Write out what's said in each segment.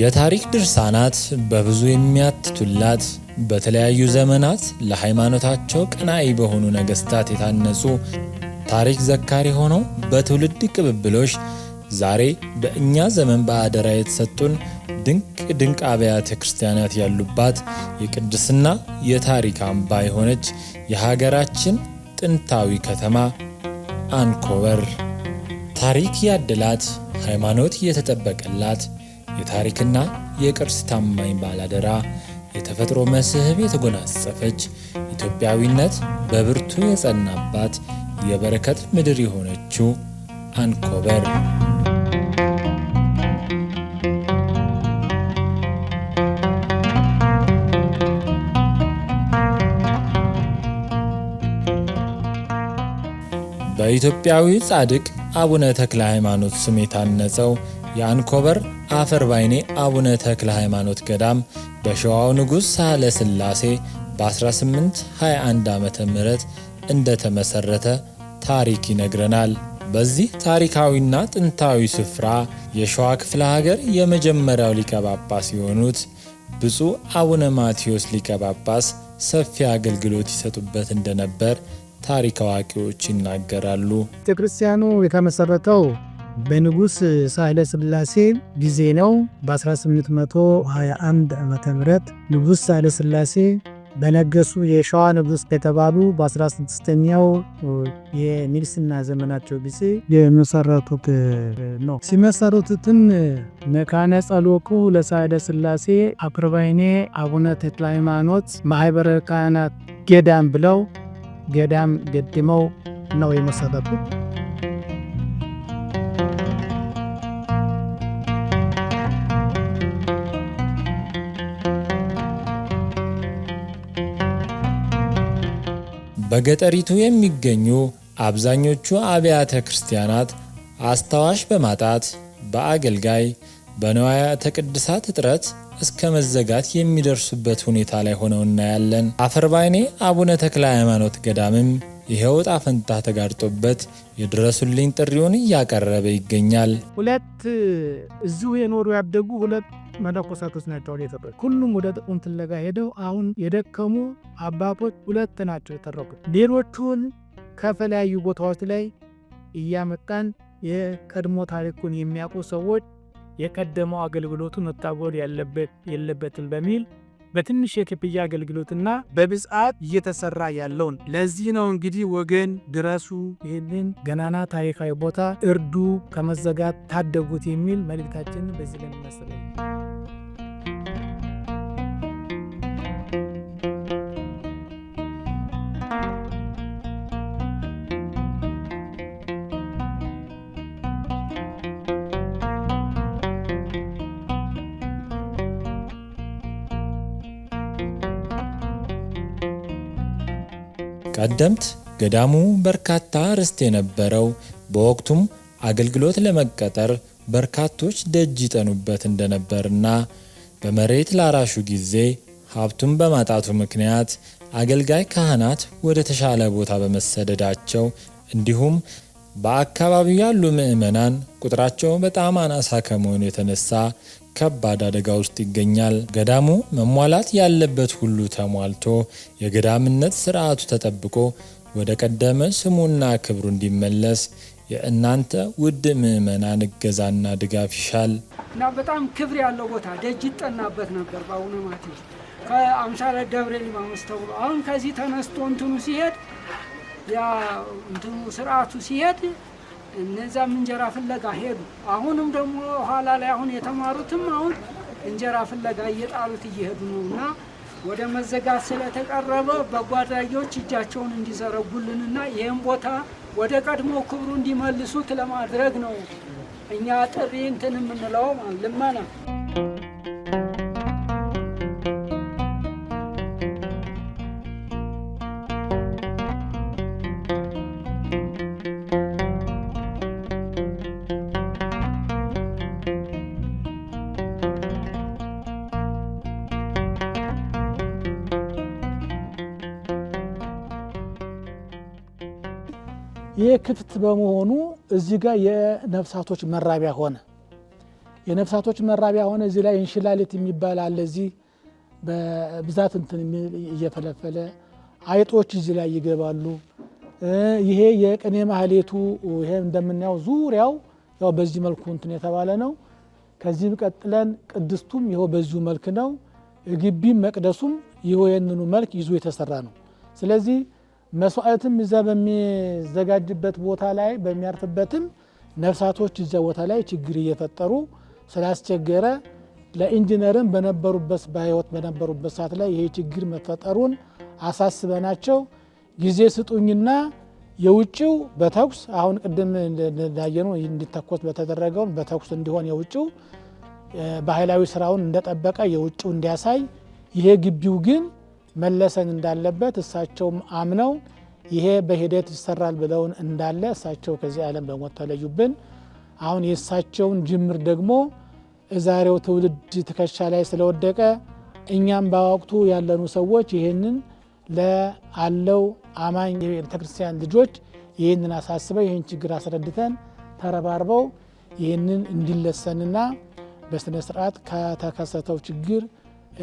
የታሪክ ድርሳናት በብዙ የሚያትቱላት በተለያዩ ዘመናት ለሃይማኖታቸው ቀናኢ በሆኑ ነገስታት የታነጹ ታሪክ ዘካሪ ሆነው በትውልድ ቅብብሎሽ ዛሬ በእኛ ዘመን በአደራ የተሰጡን ድንቅ ድንቅ አብያተ ክርስቲያናት ያሉባት የቅድስና የታሪክ አምባ የሆነች የሀገራችን ጥንታዊ ከተማ አንኮበር ታሪክ ያደላት ሃይማኖት የተጠበቀላት የታሪክና የቅርስ ታማኝ ባላደራ የተፈጥሮ መስህብ የተጎናጸፈች ኢትዮጵያዊነት በብርቱ የጸናባት የበረከት ምድር የሆነችው አንኮበር በኢትዮጵያዊ ጻድቅ አቡነ ተክለ ሃይማኖት ስም የታነጸው የአንኮበር አፈር ባይኔ አቡነ ተክለ ሃይማኖት ገዳም በሸዋው ንጉሥ ሳህለ ሥላሴ በ1821 ዓ ም እንደተመሠረተ ታሪክ ይነግረናል። በዚህ ታሪካዊና ጥንታዊ ስፍራ የሸዋ ክፍለ ሀገር የመጀመሪያው ሊቀ ጳጳስ የሆኑት ብፁዕ አቡነ ማቴዎስ ሊቀ ጳጳስ ሰፊ አገልግሎት ይሰጡበት እንደነበር ታሪክ አዋቂዎች ይናገራሉ። ቤተ ክርስቲያኑ የተመሠረተው በንጉሥ ሳህለ ስላሴ ጊዜ ነው። በ1821 ዓ ም ንጉሥ ሳህለ ስላሴ በነገሱ የሸዋ ንጉሥ ከተባሉ በ16ኛው የንግስና ዘመናቸው ጊዜ የመሰረቱት ነው። ሲመሰረቱትን መካነ ጸሎቁ ለሳህለ ስላሴ አክርባይኔ አቡነ ተክለ ሃይማኖት ማህበረ ካህናት ገዳም ብለው ገዳም ገድመው ነው የመሰረቱት። በገጠሪቱ የሚገኙ አብዛኞቹ አብያተ ክርስቲያናት አስታዋሽ በማጣት በአገልጋይ በንዋያተ ቅድሳት እጥረት እስከ መዘጋት የሚደርሱበት ሁኔታ ላይ ሆነው እናያለን። አፈርባይኔ አቡነ ተክለ ሃይማኖት ገዳምም ይኸው ዕጣ ፈንታ ተጋርጦበት የድረሱልኝ ጥሪውን እያቀረበ ይገኛል። ሁለት እዚሁ የኖሩ ያደጉ ሁለት መነኮሳቶች ናቸው የተረ ሁሉም ወደ ጥቅም ፍለጋ ሄደው አሁን የደከሙ አባቶች ሁለት ናቸው የተረፉት። ሌሎቹን ከተለያዩ ቦታዎች ላይ እያመጣን የቀድሞ ታሪኩን የሚያውቁ ሰዎች የቀደመው አገልግሎቱ መታጎል የለበትም በሚል በትንሽ የክፍያ አገልግሎትና በብጻት እየተሰራ ያለውን። ለዚህ ነው እንግዲህ ወገን ድረሱ፣ ይህንን ገናና ታሪካዊ ቦታ እርዱ፣ ከመዘጋት ታደጉት የሚል መልእክታችንን በዚህ ላይ ቀደምት ገዳሙ በርካታ ርስት የነበረው በወቅቱም አገልግሎት ለመቀጠር በርካቶች ደጅ ይጠኑበት እንደነበርና በመሬት ላራሹ ጊዜ ሀብቱን በማጣቱ ምክንያት አገልጋይ ካህናት ወደ ተሻለ ቦታ በመሰደዳቸው እንዲሁም በአካባቢው ያሉ ምዕመናን ቁጥራቸው በጣም አናሳ ከመሆኑ የተነሳ ከባድ አደጋ ውስጥ ይገኛል። ገዳሙ መሟላት ያለበት ሁሉ ተሟልቶ የገዳምነት ስርዓቱ ተጠብቆ ወደ ቀደመ ስሙና ክብሩ እንዲመለስ የእናንተ ውድ ምዕመናን እገዛና ድጋፍ ይሻል እና በጣም ክብር ያለው ቦታ ደጅ ይጠናበት ነበር በአቡነ ማትያስ ከአምሳለ ደብረ ሊባኖስ ተብሎ አሁን ከዚህ ተነስቶ እንትኑ ሲሄድ ያ እንትኑ ስርዓቱ ሲሄድ እነዚያም እንጀራ ፍለጋ ሄዱ። አሁንም ደግሞ ኋላ ላይ አሁን የተማሩትም አሁን እንጀራ ፍለጋ እየጣሉት እየሄዱ ነው እና ወደ መዘጋት ስለተቀረበ በጎ አድራጊዎች እጃቸውን እንዲዘረጉልንና ይህም ቦታ ወደ ቀድሞ ክብሩ እንዲመልሱት ለማድረግ ነው እኛ ጥሪ እንትን የምንለው ልመና ይህ ክፍት በመሆኑ እዚህ ጋር የነፍሳቶች መራቢያ ሆነ። የነፍሳቶች መራቢያ ሆነ። እዚህ ላይ እንሽላሊት የሚባል አለ። እዚህ በብዛት እንትን እየፈለፈለ አይጦች እዚህ ላይ ይገባሉ። ይሄ የቅኔ ማህሌቱ ይሄ እንደምናየው ዙሪያው ያው በዚህ መልኩ እንትን የተባለ ነው። ከዚህም ቀጥለን ቅድስቱም ይኸው በዚሁ መልክ ነው። ግቢም መቅደሱም ይኸው የንኑ መልክ ይዞ የተሰራ ነው። ስለዚህ መስዋዕትም እዛ በሚዘጋጅበት ቦታ ላይ በሚያርፍበትም ነፍሳቶች እዛ ቦታ ላይ ችግር እየፈጠሩ ስላስቸገረ ለኢንጂነርም በነበሩበት በህይወት በነበሩበት ሰዓት ላይ ይሄ ችግር መፈጠሩን አሳስበናቸው ጊዜ ስጡኝና የውጭው በተኩስ አሁን ቅድም እንዳየነው እንዲተኮስ በተደረገውን በተኩስ እንዲሆን የውጭው ባህላዊ ስራውን እንደጠበቀ የውጭው እንዲያሳይ፣ ይሄ ግቢው ግን መለሰን እንዳለበት እሳቸውም አምነው ይሄ በሂደት ይሰራል ብለውን እንዳለ እሳቸው ከዚህ ዓለም በሞት ተለዩብን። አሁን የእሳቸውን ጅምር ደግሞ ዛሬው ትውልድ ትከሻ ላይ ስለወደቀ እኛም በወቅቱ ያለኑ ሰዎች ይህንን ለአለው አማኝ የቤተክርስቲያን ልጆች ይህንን አሳስበው ይህን ችግር አስረድተን ተረባርበው ይህንን እንዲለሰንና በስነ ስርዓት ከተከሰተው ችግር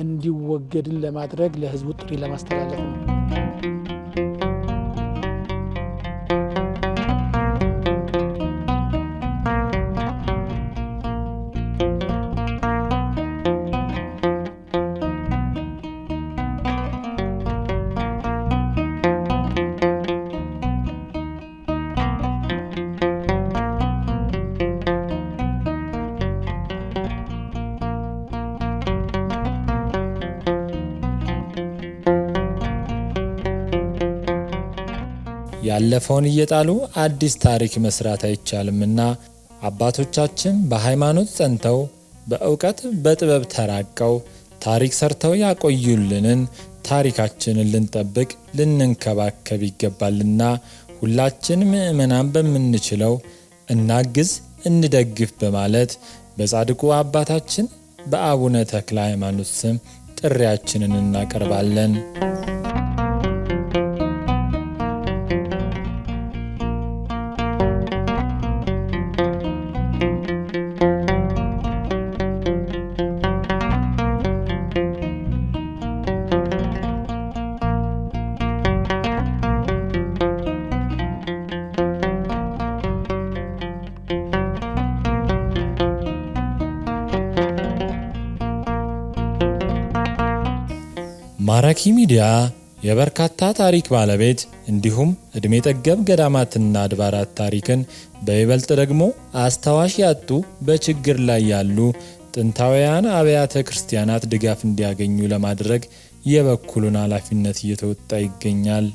እንዲወገድን ለማድረግ ለህዝቡ ጥሪ ለማስተላለፍ ነው። ያለፈውን እየጣሉ አዲስ ታሪክ መስራት አይቻልምና አባቶቻችን በሃይማኖት ጸንተው በእውቀት በጥበብ ተራቀው ታሪክ ሰርተው ያቆዩልንን ታሪካችንን ልንጠብቅ ልንንከባከብ ይገባልና ሁላችን ምእመናን በምንችለው እናግዝ፣ እንደግፍ በማለት በጻድቁ አባታችን በአቡነ ተክለ ሃይማኖት ስም ጥሪያችንን እናቀርባለን። ማራኪ ሚዲያ የበርካታ ታሪክ ባለቤት እንዲሁም ዕድሜ ጠገብ ገዳማትና አድባራት ታሪክን በይበልጥ ደግሞ አስታዋሽ ያጡ በችግር ላይ ያሉ ጥንታውያን አብያተ ክርስቲያናት ድጋፍ እንዲያገኙ ለማድረግ የበኩሉን ኃላፊነት እየተወጣ ይገኛል።